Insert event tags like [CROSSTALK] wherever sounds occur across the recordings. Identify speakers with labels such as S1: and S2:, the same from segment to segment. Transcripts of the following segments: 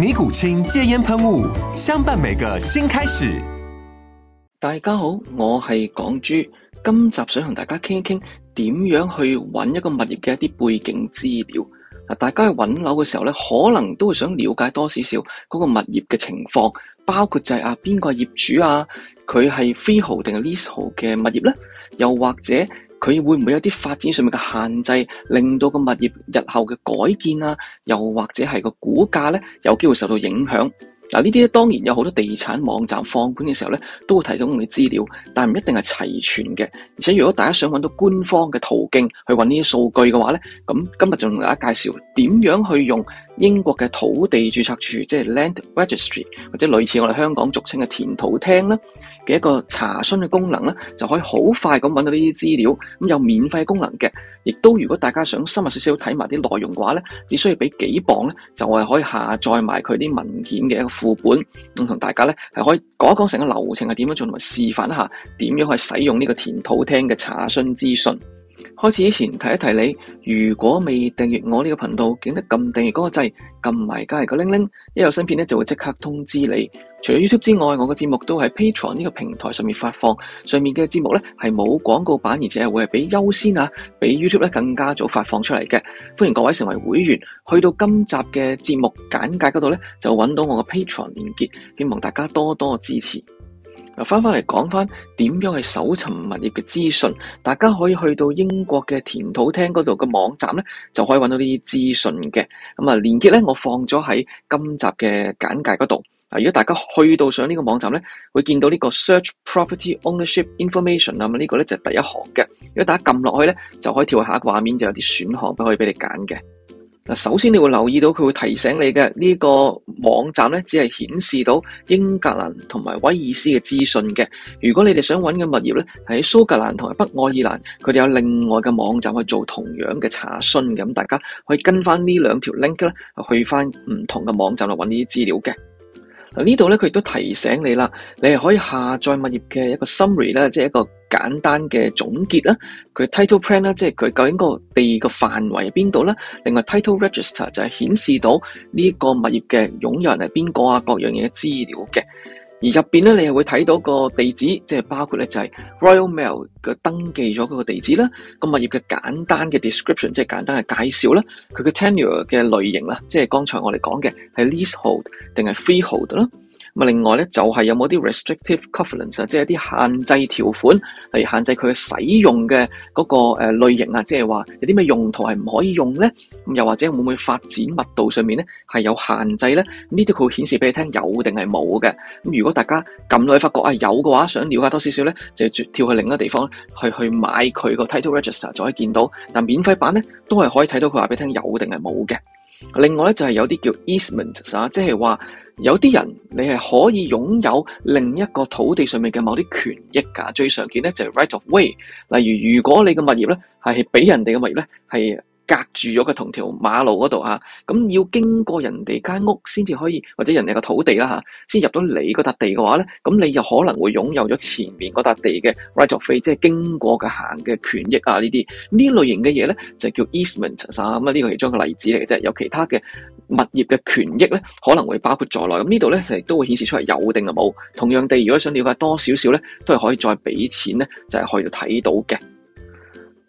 S1: 尼古清戒煙噴霧，相伴每個新開始。大家好，我係港豬，今集想同大家傾一傾，點樣去揾一個物業嘅一啲背景資料。嗱，大家去揾樓嘅時候咧，可能都會想了解多少少嗰個物業嘅情況，包括就係啊邊個業主啊，佢係 freehold 定係 leasehold 嘅物業咧，又或者。.佢會唔會有啲發展上面嘅限制，令到個物業日後嘅改建啊，又或者係個估價咧，有機會受到影響。嗱，呢啲咧，當然有好多地產網站放盤嘅時候咧，都會提供我哋資料，但係唔一定係齊全嘅。而且如果大家想揾到官方嘅途徑去揾呢啲數據嘅話咧，咁今日就同大家介紹點樣去用。英國嘅土地註冊處，即係 Land Registry 或者類似我哋香港俗稱嘅田土廳啦嘅一個查詢嘅功能咧，就可以好快咁搵到呢啲資料。咁有免費嘅功能嘅，亦都如果大家想深入少少睇埋啲內容嘅話咧，只需要俾幾磅咧，就係可以下載埋佢啲文件嘅一個副本，咁同大家咧係可以講一講成個流程係點樣做，同埋示範一下點樣去使用呢個田土廳嘅查詢資訊。開始之前提一提你，如果未訂閱我呢個頻道，記得撳訂閱嗰個掣，撳埋加個鈴鈴，一有新片咧就會即刻通知你。除咗 YouTube 之外，我個節目都喺 Patreon 呢個平台上面發放，上面嘅節目咧係冇廣告版，而且係會係比優先啊，比 YouTube 咧更加早發放出嚟嘅。歡迎各位成為會員，去到今集嘅節目簡介嗰度咧就搵到我個 Patreon 連結，希望大家多多支持。翻翻嚟講翻點樣係搜尋物業嘅資訊，大家可以去到英國嘅田土廳嗰度嘅網站咧，就可以搵到啲資訊嘅。咁啊，連結咧我放咗喺今集嘅簡介嗰度。嗱，如果大家去到上呢個網站咧，會見到呢個 Search Property Ownership Information 啊，咁呢個咧就係第一行嘅。如果大家撳落去咧，就可以跳去下一個畫面，就有啲選項都可以俾你揀嘅。嗱，首先你會留意到佢會提醒你嘅呢、這個網站咧，只係顯示到英格蘭同埋威爾斯嘅資訊嘅。如果你哋想揾嘅物業咧，喺蘇格蘭同埋北愛爾蘭，佢哋有另外嘅網站去做同樣嘅查詢。咁，大家可以跟翻呢兩條 link 咧去翻唔同嘅網站嚟揾呢啲資料嘅。嗱，呢度咧，佢亦都提醒你啦，你係可以下載物業嘅一個 summary 咧，即係一個。簡單嘅總結啦，佢 title plan 咧，即係佢究竟個地個範圍喺邊度。另外 title register 就係顯示到呢個物業嘅擁有人係邊個啊，各樣嘢嘅資料嘅。而入面咧，你係會睇到個地址，即係包括咧就係 Royal Mail 嘅登記咗嗰個地址啦。個物業嘅簡單嘅 description，即係簡單嘅介紹啦。佢嘅 tenure 嘅類型啦，即係剛才我哋講嘅係 leasehold 定係 freehold 啦。咁另外咧就係有冇啲 restrictive covenants 即係一啲限制條款嚟限制佢使用嘅嗰個誒類型啊，即係話有啲咩用途係唔可以用咧？咁又或者會唔會發展密度上面咧係有限制咧？呢啲佢會顯示俾你聽有定係冇嘅？咁如果大家撳落去發覺啊有嘅話，想了解多少少咧，就跳去另一個地方去去買佢個 title register 就可以見到。嗱，免費版咧都係可以睇到佢話俾你聽有定係冇嘅。另外咧就係有啲叫 easement 啊，即係話。有啲人你係可以擁有另一個土地上面嘅某啲權益㗎，最常見咧就係 right of way。例如如果你嘅物業咧係俾人哋嘅物業咧係。隔住咗嘅同條馬路嗰度啊，咁要經過人哋間屋先至可以，或者人哋個土地啦嚇，先入到你嗰笪地嘅話咧，咁你又可能會擁有咗前面嗰笪地嘅 right of way，即係經過嘅行嘅權益啊，呢啲呢類型嘅嘢咧，就叫 easement 啊，咁啊呢個其中一個例子嚟嘅啫，有其他嘅物業嘅權益咧，可能會包括在內。咁呢度咧亦都會顯示出嚟有定啊冇。同樣地，如果想了解多少少咧，都係可以再俾錢咧，就係可以睇到嘅。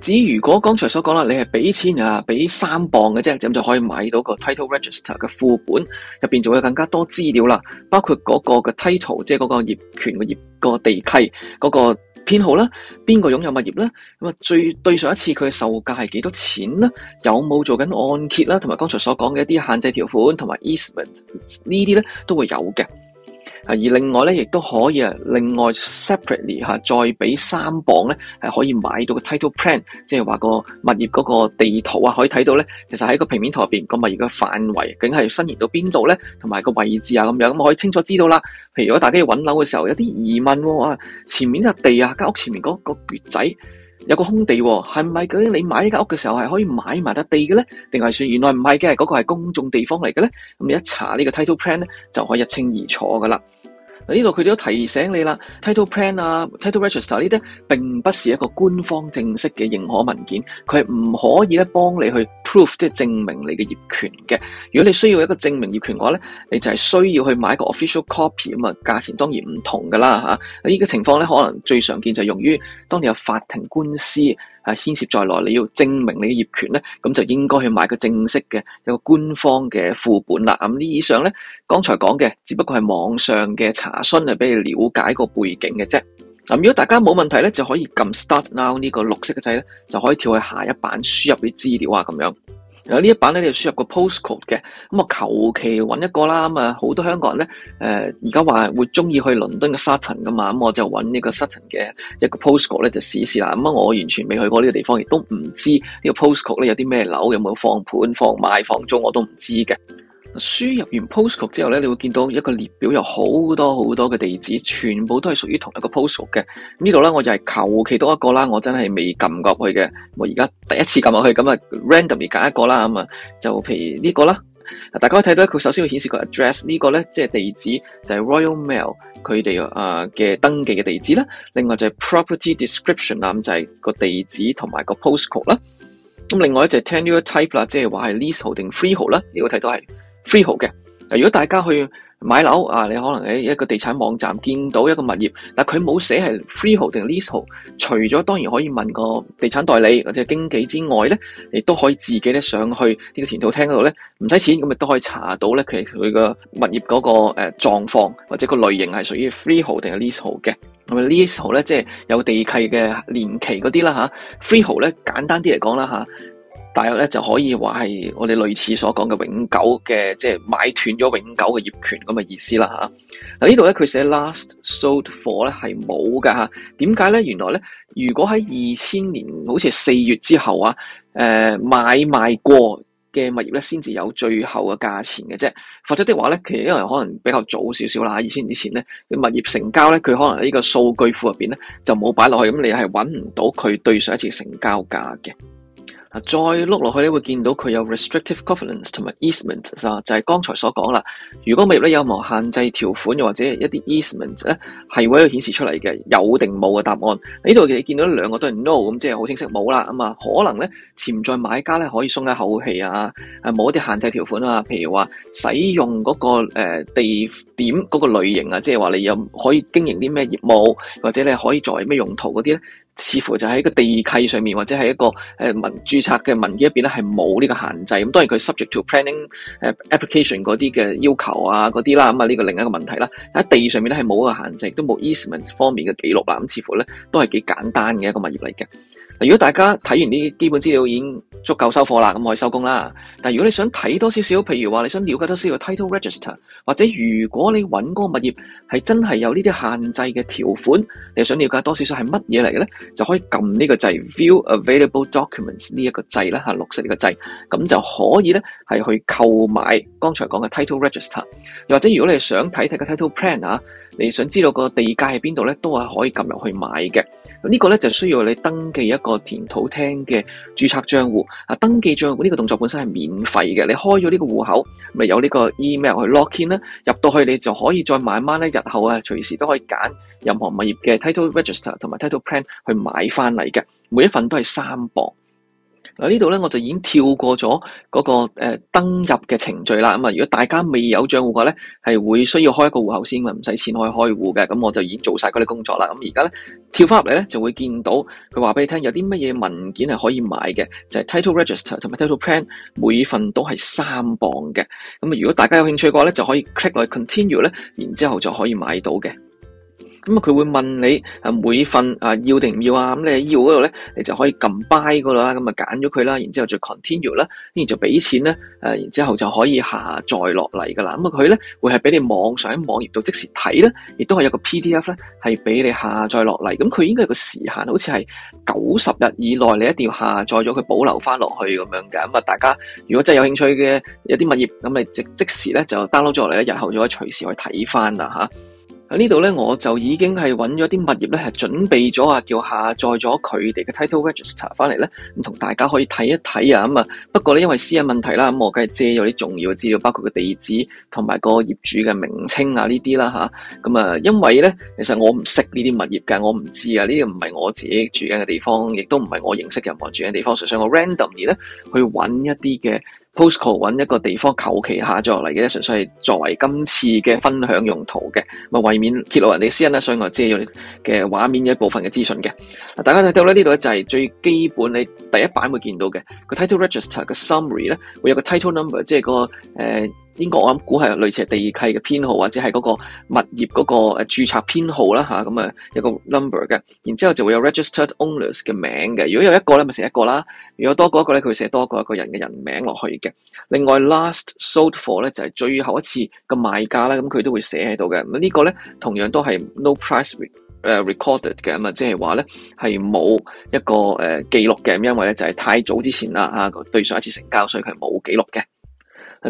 S1: 至於如果剛才所講啦，你係俾錢啊，俾三磅嘅啫，咁就可以買到個 Title Register 嘅副本，入邊面就會有更加多資料啦，包括嗰個嘅 title，即係嗰個業權嘅業、嗰個地契嗰、嗰個編號啦，邊個擁有物業咧咁啊？最對上一次佢嘅售價係幾多錢咧？有冇做緊按揭啦？同埋剛才所講嘅一啲限制條款同埋 easement 呢啲咧都會有嘅。啊！而另外咧，亦都可以啊，另外 separately、啊、再俾三磅咧，係、啊、可以買到個 title plan，即係話個物業嗰個地圖啊，可以睇到咧。其實喺個平面圖入邊，個物業嘅範圍竟係伸延到邊度咧，同埋個位置啊咁樣，咁、啊、可以清楚知道啦。譬如如果大家要揾樓嘅時候，有啲疑問喎啊，前面啲地啊，間屋前面嗰、個橛仔。有個空地喎、哦，係唔係嗰啲你買呢間屋嘅時候係可以買埋笪地嘅咧？定係算原來唔係嘅，嗰、嗰個係公眾地方嚟嘅咧？咁你一查呢個 title plan 咧，就可以一清二楚噶啦。呢度佢都提醒你啦，title plan 啊，title register 呢啲並不是一個官方正式嘅認可文件，佢係唔可以咧幫你去 proof 即係證明你嘅業權嘅。如果你需要一個證明業權嘅話咧，你就係需要去買一個 official copy 啊嘛，價錢當然唔同噶啦吓。呢個情況咧，可能最常見就係用於當你有法庭官司。係牽涉在內，你要證明你嘅業權咧，咁就應該去買個正式嘅一個官方嘅副本啦。咁呢以上咧，剛才講嘅只不過係網上嘅查詢，係俾你了解個背景嘅啫。咁如果大家冇問題咧，就可以撳 Start Now 呢個綠色嘅掣咧，就可以跳去下一版輸入啲資料啊咁樣。有呢一版咧，你就輸入個 postcode 嘅，咁啊求其揾一個啦，咁啊好多香港人咧，誒而家話會中意去倫敦嘅 Sutton 噶嘛，咁我就揾呢個 Sutton 嘅一個，個 postcode 咧就試試啦，咁啊我完全未去過呢個地方，亦都唔知呢個 postcode 咧有啲咩樓，有冇放盤、放賣、放租我都唔知嘅。輸入完 postcode 之後咧，你會見到一個列表，有好多好多嘅地址，全部都係屬於同一個 postcode 嘅。這裡呢度咧，我又係求其多一個啦，我真係未撳入去嘅。我而家第一次撳落去，咁啊 randomly 揀一個啦，咁、嗯、啊就譬如呢個啦。大家可以睇到咧，佢首先要顯示個 address 這個呢個咧，即、就、係、是、地址就係、是、Royal Mail 佢哋啊嘅登記嘅地址啦。另外就係 property description 啦，咁就係個地址同埋個 postcode 啦。咁另外一隻 tenure type 啦，即係話係 leasehold 定 freehold 啦。你會睇到係，freehold 嘅，如果大家去買樓啊，你可能喺一個地產網站見到一個物業，但佢冇寫係 freehold 定 leasehold，除咗當然可以問個地產代理或者經紀之外咧，亦都可以自己咧上去呢個田土廳嗰度咧，唔使錢咁咪都可以查到咧，其實佢個物業嗰個誒狀況或者個類型係屬於 freehold 定係 leasehold 嘅，同埋 leasehold 咧即係有地契嘅年期嗰啲啦吓，freehold 咧簡單啲嚟講啦吓。啊大約咧就可以話係我哋類似所講嘅永久嘅，即係買斷咗永久嘅業權咁嘅意思啦嗱、啊、呢度咧佢寫 last sold for 咧係冇㗎。嚇、啊。點解咧？原來咧，如果喺二千年好似係四月之後啊，誒、呃、買賣過嘅物業咧，先至有最後嘅價錢嘅啫。否、啊、則的話咧，其實因為可能比較早少少啦，二千年之前咧，物業成交咧，佢可能喺呢個數據庫入面咧就冇擺落去，咁你係揾唔到佢對上一次成交價嘅。再碌落去咧，會見到佢有 restrictive covenant 同埋 easement 就係剛才所講啦。如果物業有冇限制條款，又或者一啲 easement 咧，係會顯示出嚟嘅，有定冇嘅答案。呢度其實見到兩個都係 no，咁即係好清晰冇啦。咁啊，可能咧潛在買家咧可以鬆一口氣啊，冇一啲限制條款啊。譬如話使用嗰個誒地點嗰個類型啊，即係話你又可以經營啲咩業務，或者你可以作為咩用途嗰啲咧？似乎就喺一個地契上面，或者係一個誒文註冊嘅文件入邊咧，係冇呢個限制。咁當然佢 subject to planning 誒 application 嗰啲嘅要求啊，嗰啲啦，咁啊呢個另一個問題啦。喺地上面咧係冇一個限制，都冇 easements 方面嘅記錄啦。咁、嗯、似乎咧都係幾簡單嘅一個物業嚟嘅。嗱，如果大家睇完啲基本資料已經。足夠收貨啦，咁可以收工啦。但係如果你想睇多少少，譬如話你想了解多少個 title register，或者如果你揾嗰個物業係真係有呢啲限制嘅條款，你想了解多少少係乜嘢嚟嘅咧，就可以撳呢個掣，view available documents 呢一個掣啦，嚇、啊、綠色呢個掣，咁就可以咧係去購買剛才講嘅 title register，又或者如果你想睇睇個 title plan 啊。你想知道個地界喺邊度咧，都係可以撳入去買嘅。咁、這、呢個咧就需要你登記一個田土廳嘅註冊賬戶。啊，登記賬戶呢個動作本身係免費嘅。你開咗呢個戶口，咪有呢個 email 去 log in 啦。入到去你就可以再慢慢咧，日後啊隨時都可以揀任何物業嘅 title register 同埋 title plan 去買翻嚟嘅。每一份都係三磅。嗱，呢度咧我就已經跳過咗嗰個誒登入嘅程序啦。咁啊，如果大家未有賬戶嘅咧，係會需要開一個戶口先，唔使錢可以開戶嘅。咁我就已經做晒嗰啲工作啦。咁而家咧跳翻入嚟咧，就會見到佢話俾你聽有啲乜嘢文件係可以買嘅，就係 Title Register 同埋 Title Plan，每份都係三磅嘅。咁啊，如果大家有興趣嘅咧，就可以 click 落去 continue 咧，然之後就可以買到嘅。咁啊，佢會問你啊，每份啊要定唔要啊？咁你要嗰度咧，你就可以撳 buy 度啦，咁啊揀咗佢啦，然之後就 continue 啦，跟住就俾錢咧，然之後就可以下載落嚟噶啦。咁啊，佢咧會係俾你網上喺網頁度即時睇咧，亦都係有個 PDF 咧係俾你下載落嚟。咁佢應該有個時限好似係九十日以內，你一定要下載咗佢保留翻落去咁樣嘅。咁啊，大家如果真係有興趣嘅有啲物業，咁你即即時咧就 download 咗落嚟咧，日後就可以隨時去睇翻啦，嚇。喺呢度咧，我就已經係揾咗啲物業咧，係準備咗啊，叫下載咗佢哋嘅 Title Register 翻嚟咧，咁同大家可以睇一睇啊。咁、嗯、啊，不過咧因為私隱問題啦，咁、嗯、我梗係借咗啲重要嘅資料，包括個地址同埋個業主嘅名稱啊呢啲啦吓，咁啊，因為咧，其實我唔識呢啲物業㗎，我唔知啊，呢個唔係我自己住嘅地方，亦都唔係我認識人住嘅地方，所以我想我 randomly 咧去揾一啲嘅。Postcode 揾一個地方求其下載落嚟嘅，純粹係作為今次嘅分享用途嘅，咪為免揭露人哋私隱咧，所以我借你嘅畫面嘅一部分嘅資訊嘅。嗱，大家睇到咧，呢度咧就係最基本你第一版會見到嘅個 title register 嘅 summary 咧，會有個 title number，即係、個誒。呃應該我諗估係類似係地契嘅編號或者係嗰個物業嗰個誒註冊編號啦吓，咁啊一個 number 嘅，然之後就會有 registered owners 嘅名嘅。如果有一個咧，咪寫一個啦；如果多過一個咧，佢會寫多過一,一個人嘅人名落去嘅。另外 last sold for 咧就係最後一次嘅賣價啦，咁佢都會寫喺度嘅。咁、這個、呢個咧同樣都係 no price recorded 嘅咁啊，即係話咧係冇一個誒記錄嘅，因為咧就係太早之前啦嚇對上一次成交，所以佢係冇記錄嘅。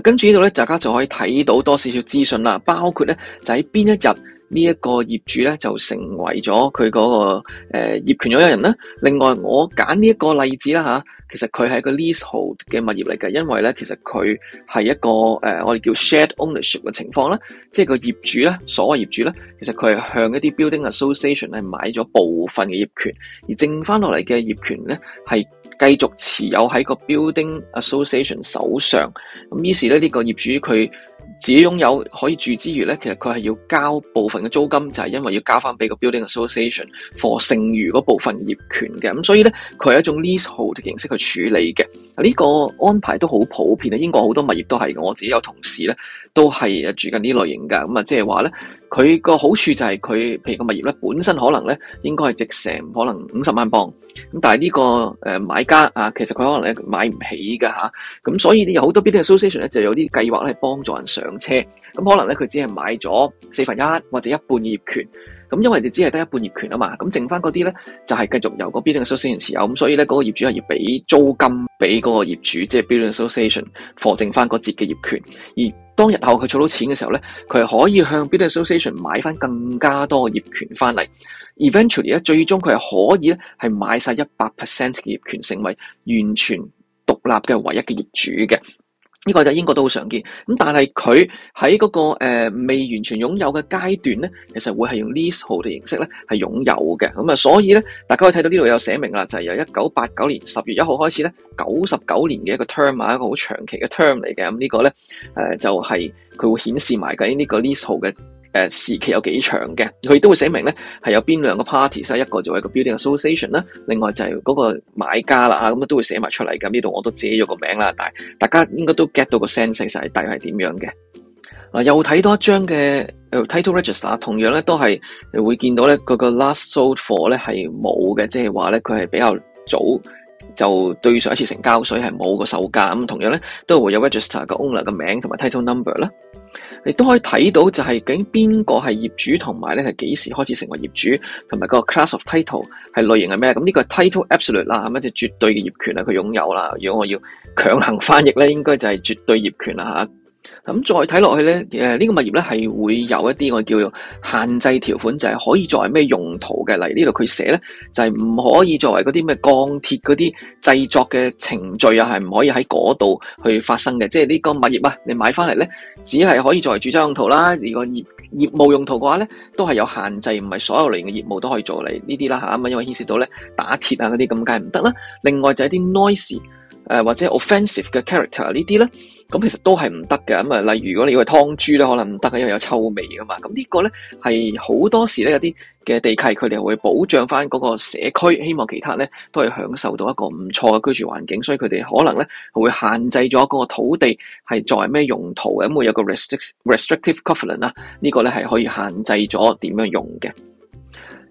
S1: 跟住呢度咧，大家就可以睇到多少少資訊啦，包括咧就喺邊一日呢一個業主咧就成為咗佢嗰個誒業權所有人咧。另外，我揀呢一個例子啦吓，其實佢係一個 leasehold 嘅物業嚟嘅，因為咧其實佢係一個誒我哋叫 shared ownership 嘅情況啦，即係個業主咧，所謂業主咧，其實佢係向一啲 building association 係買咗部分嘅業權，而剩翻落嚟嘅業權咧係。繼續持有喺個 building association 手上，咁於是咧呢個業主佢自己擁有可以住之餘咧，其實佢係要交部分嘅租金，就係因為要交翻俾個 building association for 剩餘嗰部分業權嘅，咁所以咧佢係一種 leasehold 形式去處理嘅，呢個安排都好普遍啊！英國好多物業都係我自己有同事咧，都係住緊呢類型噶，咁啊，即係話咧，佢個好處就係佢，譬如個物業咧，本身可能咧，應該係值成可能五十萬鎊，咁但係呢、這個誒、呃、買家啊，其實佢可能買唔起噶吓，咁、啊、所以呢，有好多邊啲 association 咧，就有啲計劃咧，係幫助人上車，咁可能咧佢只係買咗四分一或者一半業權。咁因為你只係得一半業權啊嘛，咁剩翻嗰啲咧就係繼續由嗰 building association 持有，咁所以咧嗰個業主係要俾租金俾嗰個業主，即、就、係、是、building association 獲剩翻嗰節嘅業權。而當日後佢儲到錢嘅時候咧，佢係可以向 building association 買翻更加多業權翻嚟。 [NOISE] eventually 咧，最終佢係可以咧係買晒一百 percent 嘅業權，成為完全獨立嘅唯一嘅業主嘅。呢、這個就英國都好常見，咁但係佢喺嗰個、呃、未完全擁有嘅階段咧，其實會係用 leasehold 嘅形式咧係擁有嘅，咁啊所以咧大家可以睇到呢度有寫明啦，就係、是、由一九八九年十月一號開始咧，九十九年嘅一個 term 啊，一個好長期嘅 term 嚟嘅，咁、嗯這個、呢、呃就是它會顯示的這個咧誒就係佢會顯示埋緊呢個 leasehold 嘅。誒時期有幾長嘅，佢亦都會寫明咧係有邊兩個 parties 啦，一個就係個 building 嘅 association 啦，另外就係嗰個買家啦啊，咁都會寫埋出嚟咁，呢度我都遮咗個名啦，但大家應該都 get 到個 sense 就係大概係點樣嘅。嗱，又睇多一張嘅 title register，同樣咧都係會見到咧嗰個 last sold for 咧係冇嘅，即係話咧佢係比較早。就對上一次成交，所以係冇個售價咁，同樣咧都會有 register 個 owner 嘅名同埋 title number 啦，你都可以睇到就係究竟邊個係業主同埋咧係幾時開始成為業主，同埋個 class of title 係類型係咩？咁呢個係 title absolute 啦，咁一隻絕對嘅業權啦，佢擁有啦。如果我要強行翻譯咧，應該就係絕對業權啦嚇。咁再睇落去咧，誒呢個物業咧係會有一啲我叫做限制條款，就係、是、可以作為咩用途嘅？嚟呢度佢寫咧，就係、是、唔可以作為嗰啲咩鋼鐵嗰啲製作嘅程序啊，係唔可以喺嗰度去發生嘅。即係呢個物業啊，你買翻嚟咧，只係可以作為住宅用途啦。如果業業務用途嘅話咧，都係有限制，唔係所有類型嘅業務都可以做嚟呢啲啦嚇。咁啊因為牽涉到咧打鐵啊嗰啲咁梗係唔得啦。另外就係啲 noisy 或者 offensive 嘅 character 呢啲咧。咁其實都係唔得嘅，咁啊，例如如果你要係劏豬咧，可能唔得，因為有臭味㗎嘛。咁呢個咧係好多時咧有啲嘅地契，佢哋會保障翻嗰個社區，希望其他咧都係享受到一個唔錯嘅居住環境，所以佢哋可能咧會限制咗嗰個土地係作咩用途嘅，咁會有個 restrictive covenant 啦。呢個咧係可以限制咗點樣用嘅。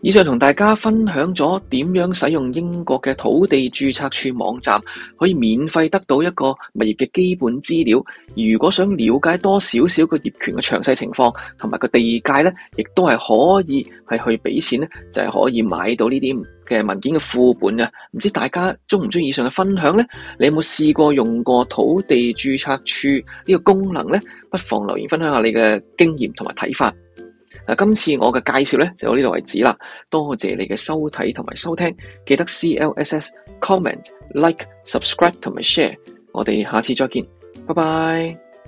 S1: 以上同大家分享咗點樣使用英國嘅土地註冊處網站，可以免費得到一個物業嘅基本資料。如果想了解多少少個業權嘅詳細情況同埋個地界呢，亦都係可以係去俾錢呢就係、是、可以買到呢啲嘅文件嘅副本啊，唔知大家鍾唔鍾意以上嘅分享呢？你有冇試過用過土地註冊處呢個功能呢？不妨留言分享下你嘅經驗同埋睇法。今次我嘅介紹呢就到呢度為止啦。多謝你嘅收睇同埋收聽，記得 CLSS Comment Like Subscribe 同埋 Share。我哋下次再見，拜拜。